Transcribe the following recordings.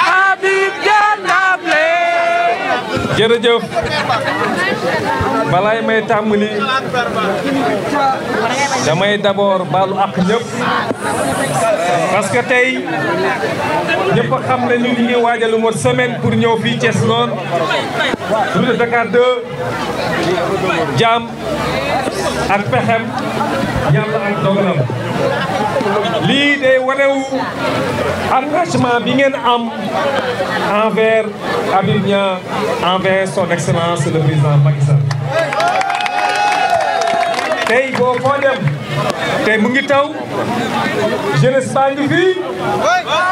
Habib Dieng Ndamlé jërëjëf balaay may tàmbali damay d'abord baalu ak ñëpp parce que tey ñëpp xam ne ñu ngi waajal lu mot semaine pour ñëw fii Thiès Nord route de Dakar 2 jaam ak pexem yàlla ak dogalam lii day wanewu attachement bi ngeen am envers Habib Niang envers son excellence le président Macky tey boo foo dem tey mu ngi taw jeunesse baa ngi fi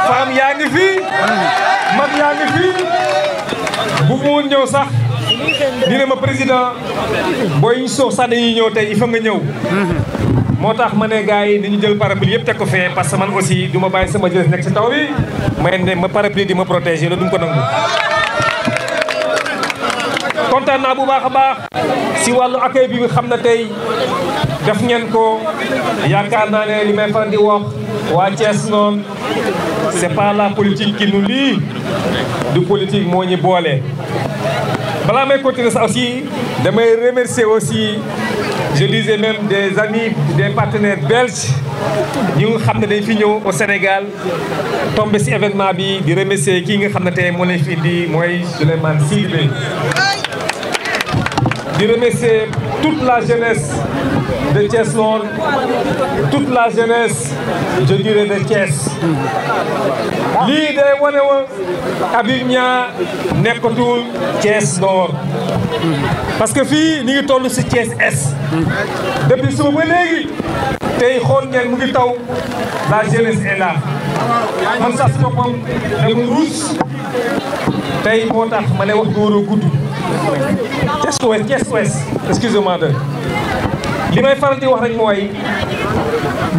femme yaa ngi fi mag yaa ngi fi bu mu ñëw sax ñu ma président booy ñu soof sax dañuy ñëw tey il faut nga ñëw moo tax ma ne gars yi dañu jël parapluie yëpp teg ko fee parce que man aussi du ma bàyyi sama jeunesse nekk si taw bi may ne ma parapluie di ma protéger la du ma ko nangu kontaan bu baax a baax si wàllu accueil bi nga xam ne tey def ngeen ko yaakaar naa ne li may faral di wax waa Thiès noonu c'est pas la politique qui nous lii du politique moo ñi boole. balaa may continuer ça aussi damay remercier aussi je disais même des amis des partenaires belges ñi nga xam ne dañ fi ñëw au Sénégal tombé si événement bi di remercier kii nga xam ne tey moo leen fi indi mooy Souleymane Sidibé di remercier toute la jeunesse de Thiès Lor, toute la jeunesse, je dirais de Thiès. lii day wane woon Habib Niang nekkatul Thiès Nord parce que fii ni ngi toll si Thiès Est depuis suba ba léegi tey xool ngeen mu ngi taw la jeunesse est là man sax si boppam dama ruus tey moo tax ma ne wax du war a gudd Thiès Ouest Thiès Ouest de li may faral di wax rek mooy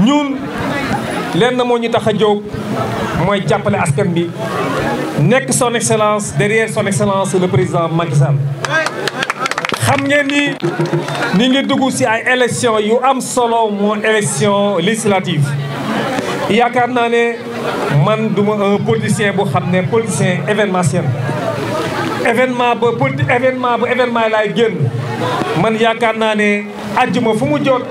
ñun lenn moo ñu tax a jóg mooy jàppale askan bi nekk son excellence derrière son excellence le président Macky xam ngeen ni ñu ngi dugg ci ay élection yu am solo moo élection législative yaakaar naa ne man du un politicien bu xam ne politicien événementiel événement ba politi événement bu événement laay génn man yaakaar naa ne àjjuma fu mu jot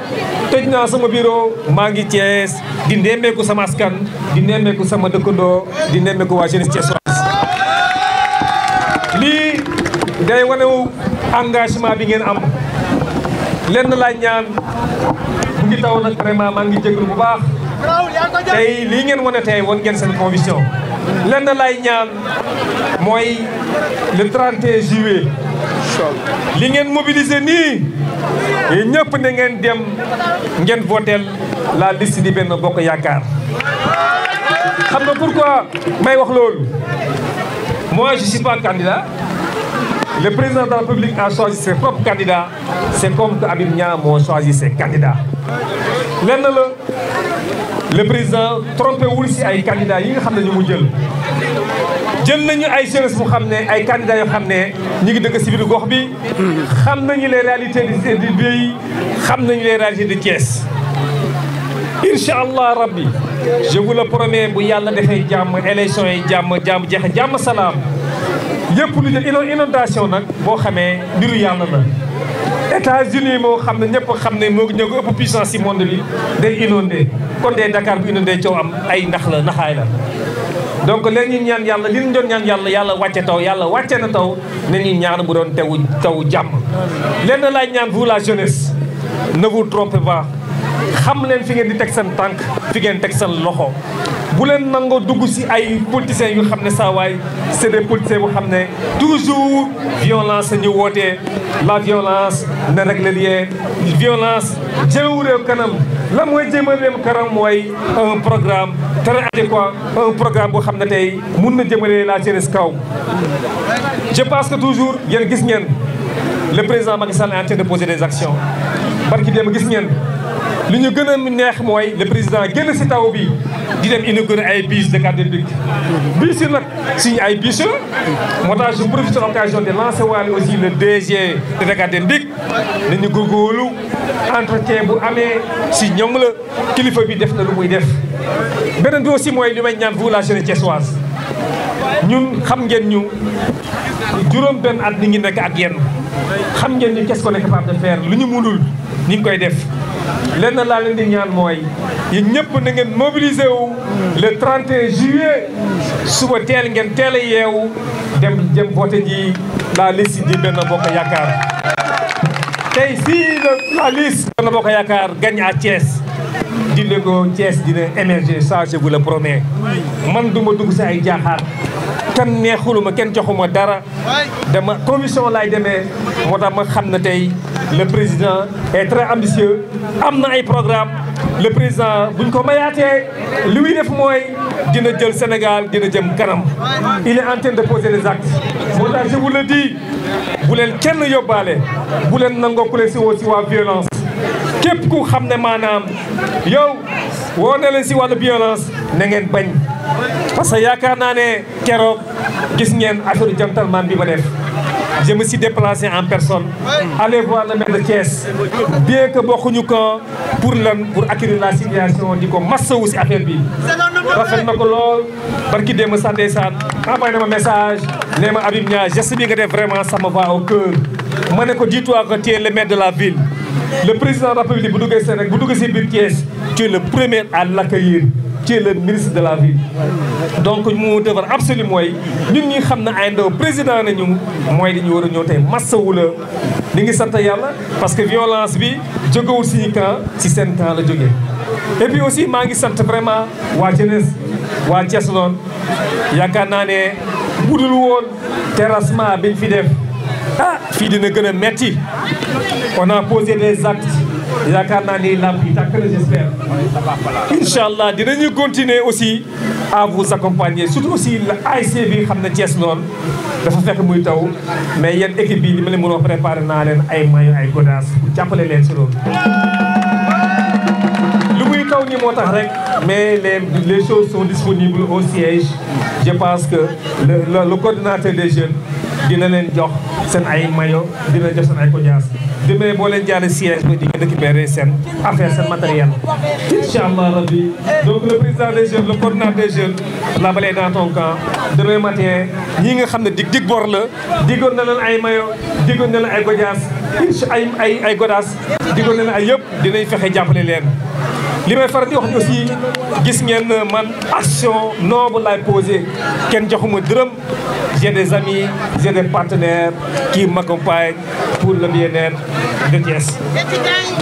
tëj naa sama biro maa ngi Thiès di nemmeeku sama askan di sama dëkkandoo di nemmeeku waa jeunesse thiessoise lii day wanewu engagement bi ngeen am lenn laay ñaan bu ngi taw nag vraiment maa ngi jégalu bu baax tey lii ngeen wane tey won ngeen seen conviction lenn lay ñaan mooy le 31 juillet li ngeen mobilise nii yéen ñëpp ne ngeen dem ngeen votel la liste di Benno Bokk Yaakaar xam nga pourquoi may wax lool moi je suis pas candidat le président de la République a choisi ses propres candidats c'est comme que Habib Niang moo choisi ses candidats le président trompé wul si ay candidats yi nga xam ne ñu mu jël jël nañu ay jeunesse bu xam ne ay candidats yoo xam ne ñu ngi dëkk si biir gox bi xam nañu les réalités du pays xam nañu les réalités de Thiès incha allah rab bi vous le promets bu yàlla defee jàmm élection yi jàmm jàmm jeexe jàmm salaam yëpp lu jël inondation nag boo xamee mbiru yàlla la États-Unis moo xam ne ñëpp xam ne moo ñoo ko ëpp puissance si monde bi day inondé kon dee Dakar bu inondé coow am ay ndax la naxaay la donc léegi ñu ñaan yàlla li ñu doon ñaan yàlla yàlla wàcce taw yàlla wàcce na taw ne ñu ñaan bu doon tewu taw jàmm lenn laay ñaan vous la jeunesse ne vous trompez pas xam leen fi ngeen di teg seen tànk fi ngeen teg seen loxo bu leen nangoo dugg si ay politiciens yu xam ne saa waay c'est des politiciens bu xam ne toujours violence ñu woote la violence na rek la liyee violence jëmewu réew kanam la mooy jëme réew kanam mooy un programme très adéquat un programme bu xam ne tey mun na jëmale la jeunesse kaw je pense que toujours yéen gis ngeen le président Macky Sall est en train de poser des actions barki dem gis ngeen li ñu gën a neex mooy le président génn si taw bi di dem inauguré ay bus de cadre public bus yi nag suñu ay bus la moo tax je profite de de lancer waale aussi le DG de cadre public nañu góorgóorlu entretien bu amee si ñoom la kilifa bi def na lu muy def beneen bi aussi mooy li may ñaan vous la jeunesse thiessoise ñun xam ngeen ñu juróom benn at ni ngi nekk ak yenn xam ngeen ñu quest ko qu'on est de faire lu ñu mënul ñu ngi koy def lenn laa leen di ñaan mooy yéen ñëpp na ngeen mobilisé wu le 31 juillet suba teel ngeen teel a yeewu dem jëm voté ji la liste di Benno Bokk Yaakaar tey si la liste Benno Bokk Yaakaar gagne à Thiès dina ko Thiès dina émerger ça je vous le man duma dugg si ay jaaxaar kan neexuluma kenn joxuma dara dama commission laay demee moo tax ma xam ne tey le président est très ambitieux am na ay programme le président buñ ko mayaatee li muy def mooy dina jël Sénégal dina jëm kanam il est en train de poser les actes moo tax je di le dis bu leen kenn yóbbaale bu leen nangoo ku leen si woo si waa violence képp ku xam ne maanaam yow woo ne leen si wàllu violence na ngeen bañ parce que yaakaar naa ne keroog gis ngeen affaire jantalman bi ma def je me si déplacé en personne. allez voir le maire de Thiès bien que bokkuñu ko pour lan pour accueillir la situation di ko massawu si affaire bi. rafet na par lool barki démb sax ndeysaan envoyé na ma message nee ma Habib Niang geste bi nga def vraiment sama me va au cœur ma ne ko dis-toi que tu es le maire de la ville le président de la République bu duggee Sénégal bu duggee si biir Thiès tu es le premier à l'accueillir qui est le ministre de la ville donc mu defar absolument mooy ñun ñi xam na ay ndaw président nañu mooy li ñu war a ñëw tey massawu wula ñu ngi sant yàlla parce que violence bi jógewul suñu camp ci seen camp la jógee et aussi maa ngi sant vraiment waa jeunesse waa Thiès noonu yaakaar naa ne budul woon terrassement biñ fi def ah fii dina gën a metti on a posé des actes yaakaar naa ni làmp yi tàkk na j'espère incha allah dinañu continuer aussi à vous accompagner surtout aussi la ASC xam ne Thiès noonu dafa fekk muy taw mais yéen équipe bi li ma leen mënoo préparé naa leen ay mayo ay godaas pour jàppale leen si lu muy taw ni moo tax rek mais les les choses sont disponibles au siège je pense que le coordinateur des jeunes dina leen jox seen ay mayo dina jox seen ay godaas demee boo leen jaaree siège ba di nga récupérer seen affaire seen matériel incha allah rabbi donc le président des jeunes le coordinateur des jeunes la balee dans ton camp demain matin ñi nga xam ne dig dig bor la diggoon na leen ay mayo diggoon na leen ay gojaas ay ay ay godaas digal na ay yëpp dinañ fexe jàppale leen li may faral di wax aussi gis ngeen euh, man action noble laay posé kenn joxuma dërëm j'ai des amis j'ai des partenaires pour le bien-être de Thiès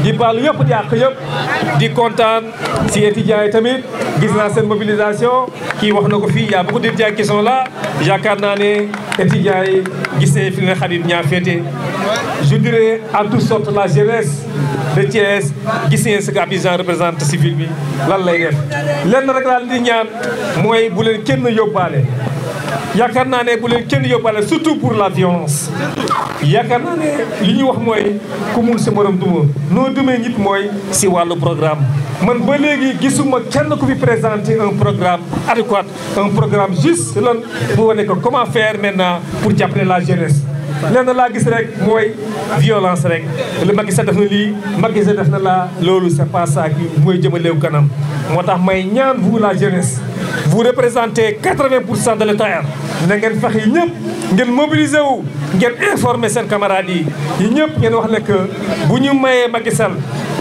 di baalu yëpp di àq yëpp di kontaan si étudiants yi tamit gis naa seen mobilisation kii wax na ko fii y'a beaucoup d'étudiants qui sont la yaakaar naa ne étudiants yi gis nañ fi nga Habib ñaa féete je dirais en toute sorte la jeunesse de Thiès gisee ngeen ce que représente civil bi lan lay def lenn rek laa di ñaan mooy bu leen kenn yóbbaale yaakaar naa ne bu leen kenn yóbbaale surtout pour la violence yaakaar naa ne li ñuy wax mooy ku mun si morom duma noo dumee nit mooy si wàllu programme man ba léegi gisuma kenn ku fi présenter un programme adéquat un programme juste lan bu wane ko comment faire maintenant pour jàppale la jeunesse na laa gis rek mooy violence rek li Macky Sall def na lii Macky Sall def na laa loolu sa pas ça qui mooy jëmaleewu kanam moo tax may ñaan vous la jeunesse vous représentez 80 pour cent de l'état na ngeen fexe ñëpp ngeen mobiliser wu ngeen informer seen camarades yi yi ñëpp ngeen wax ne bu ñu mayee Macky Sall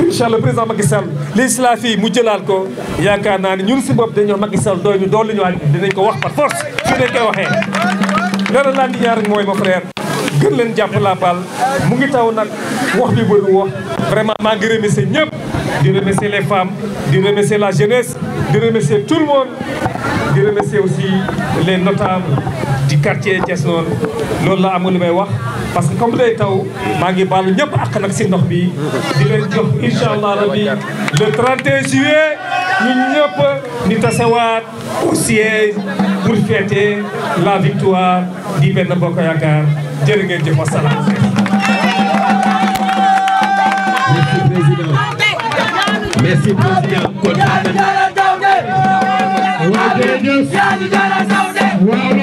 incha allah président Macky Sall législative yi mu jëlaal ko yaakaar naa ne ñun si bopp dañoo Macky Sall doy ñu doon li ñu dinañ ko wax par force su neñ koy waxee loolu laa di ñaar mooy ma frère gën leen jàpp la baal mu ngi taw nag wax bi bëri wax vraiment maa ngi remercier ñëpp di remercier les femmes di remercier la jeunesse di remercier tout le monde di remercier aussi les notables di quartier Thiès noonu loolu la amul lu may wax parce que comme day taw maa ngi baalu ñëpp ak nag si ndox bi di leen jox incha le 31 juillet ñun ñëpp di tasewaat au siège pour fêter la victoire di Benno Bokk Yaakaar jërë ngeen jëf wasalaam. merci président merci président kontaan nañu. waaw jërëjëf. waaw.